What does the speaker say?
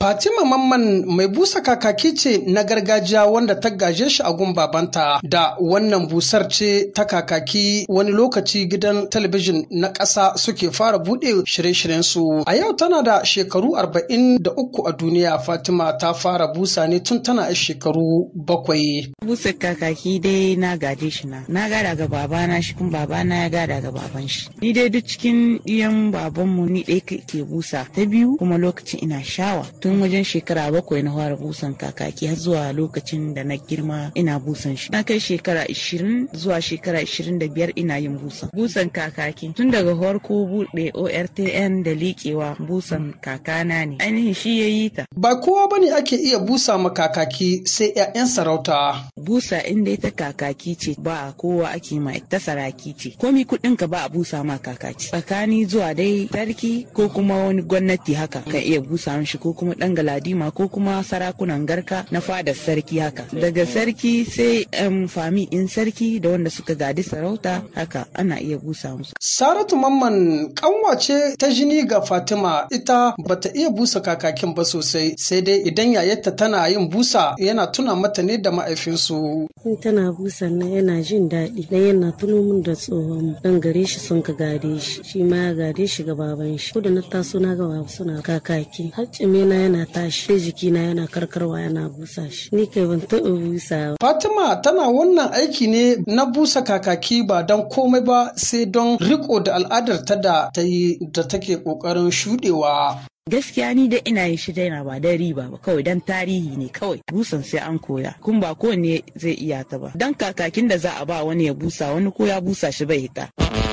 Fatima Mamman mai busa kakaki ce na gargajiya wanda ta gaje shi a gun babanta da wannan busar ce ta kakaki wani lokaci gidan talabijin na ƙasa suke fara buɗe shirye-shiryen su. A yau tana da shekaru arba'in da uku a duniya Fatima ta fara busa ne tun tana a shekaru bakwai. Busa kakaki dai na gaje shi na. Na gada ga babana shi kuma babana ya gada ga baban shi. Ni dai duk cikin iyan babanmu ni ɗaya ke busa ta biyu kuma lokacin ina shawa. tun wajen shekara bakwai na fara busan kakaki har zuwa lokacin da na girma ina busan shi na kai shekara ishirin zuwa shekara ishirin da biyar ina yin busa. busan kakaki tun daga farko buɗe ortn da liƙewa busan kakana ne ainihin shi ya yi ta ba kowa ba ne ake iya busa ma kakaki sai 'ya'yan sarauta busa in dai ta kakaki ce ba kowa ake ma ita saraki ce komi kuɗin ka ba a busa ma kakaki tsakani zuwa dai sarki ko kuma wani gwamnati haka kan iya busa mishi ko kuma dan galadima ko kuma sarakunan garka na fadar sarki haka daga sarki sai um, fami in sarki da wanda suka gadi sarauta haka ana iya busa musu saratu mamman ce ta jini ga fatima ita bata iya busa kakakin ba sosai sai dai idan yayarta tana yin busa yana tuna mata ne da ma'aifinsu tana busa na yana jin daɗi dan yana tuno min da tsohon dan gare shi sun ka gade shi shi ma ya gade shi ga baban shi ko da na taso na ga suna kakaki na yana tashi sai jikina yana karkarwa yana busa shi ni kai ban taɓa busa Fatima tana wannan aiki ne na busa kakaki ba don komai ba sai don riko da al'adar ta da ta yi da take ƙoƙarin shuɗewa. gaskiya ni da ina yin shi daina ba dan riba ba kawai dan tarihi ne kawai busan sai an koya kun ba kowanne zai iya ta ba dan kakakin da za a ba wani ya busa wani ko ya busa shi bai hita.